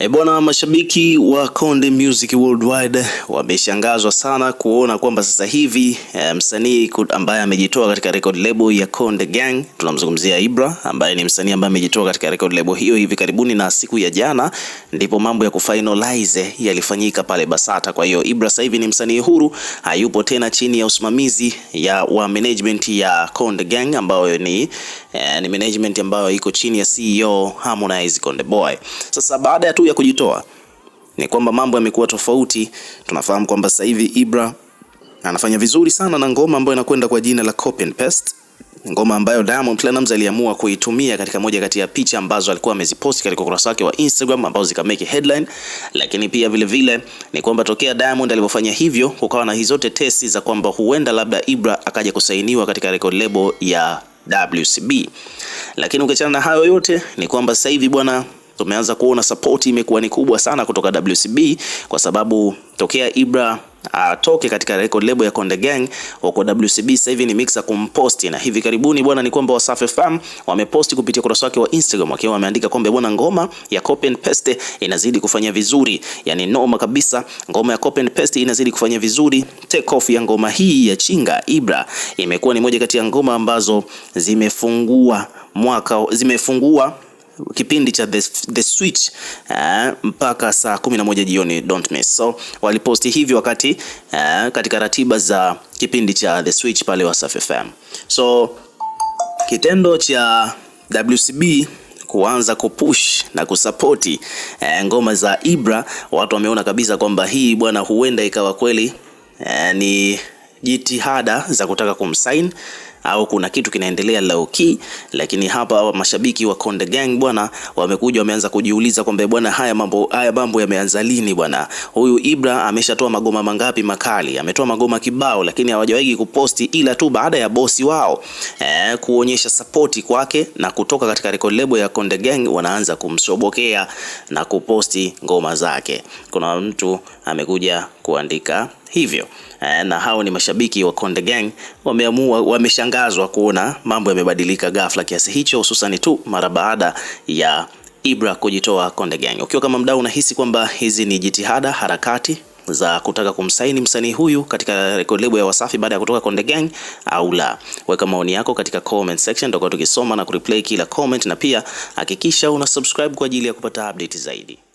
E, bwana, mashabiki wa Konde Music Worldwide wameshangazwa sana kuona kwamba sasa hivi e, msanii ambaye amejitoa katika record label ya Konde Gang, tunamzungumzia Ibra ambaye ni msanii ambaye amejitoa katika record label hiyo hivi karibuni, na siku ya jana ndipo mambo ya kufinalize yalifanyika pale Basata. Kwa hiyo Ibra sasa hivi ni msanii huru, hayupo tena chini ya usimamizi ya wa management ya Konde Gang ambayo ni eh, ni management ambayo iko chini ya CEO Harmonize Konde Boy. Sasa baada ya tu ya kujitoa ni kwamba mambo yamekuwa tofauti. Tunafahamu kwamba sasa hivi Ibra anafanya vizuri sana na ngoma ambayo inakwenda kwa jina la Copy and Paste, ngoma ambayo Diamond Platnumz aliamua kuitumia katika moja kati ya picha ambazo alikuwa ameziposti katika ukurasa wake wa Instagram ambazo zika make headline. Lakini pia vile vile ni kwamba tokea Diamond alipofanya hivyo, kukawa na hizo zote tesi za kwamba huenda labda Ibra akaja kusainiwa katika record label ya WCB. Lakini ukiachana na hayo yote ni kwamba sasa hivi bwana tumeanza kuona support imekuwa ni kubwa sana kutoka WCB kwa sababu tokea Ibra atoke katika record label ya Konde Gang wako WCB sasa hivi ni mixer kumposti, na hivi karibuni bwana ni kwamba Wasafi Fam wameposti kupitia ukurasa wake wa Instagram wakiwa wameandika kwamba bwana, ngoma ya Copy and Paste inazidi kufanya vizuri, yani noma kabisa, ngoma ya Copy and Paste inazidi kufanya vizuri. Take off ya ngoma hii ya Chinga Ibra imekuwa ni moja kati ya ngoma ambazo zimefungua mwaka zimefungua kipindi cha The, The Switch uh, mpaka saa kumi na moja jioni, don't miss. So waliposti hivi wakati uh, katika ratiba za kipindi cha The Switch pale Wasafi FM. So kitendo cha WCB kuanza kupush na kusapoti uh, eh, ngoma za Ibra, watu wameona kabisa kwamba hii bwana, huenda ikawa kweli uh, ni jitihada za kutaka kumsain au kuna kitu kinaendelea low key, lakini hapa mashabiki wa Konde Gang bwana wamekuja wameanza kujiuliza kwamba bwana, haya mambo haya mambo yameanza lini bwana? Huyu Ibra ameshatoa magoma mangapi makali, ametoa magoma kibao, lakini hawajawahi kuposti, ila tu baada ya bosi wao eh, kuonyesha sapoti kwake na kutoka katika record label ya Konde Gang, wanaanza kumshobokea na kuposti ngoma zake. Kuna mtu amekuja kuandika hivyo eh, na hao ni mashabiki wa Konde Gang wameamua, wameshangazwa kuona mambo yamebadilika ghafla kiasi hicho, hususan tu mara baada ya Ibra kujitoa Konde Gang. Ukiwa kama mdau unahisi kwamba hizi ni jitihada, harakati za kutaka kumsaini msanii huyu katika record label ya Wasafi baada ya kutoka Konde Gang au la. Weka maoni yako katika comment section, tutakuwa tukisoma na kureplay kila comment, na pia hakikisha una subscribe kwa ajili ya kupata update zaidi.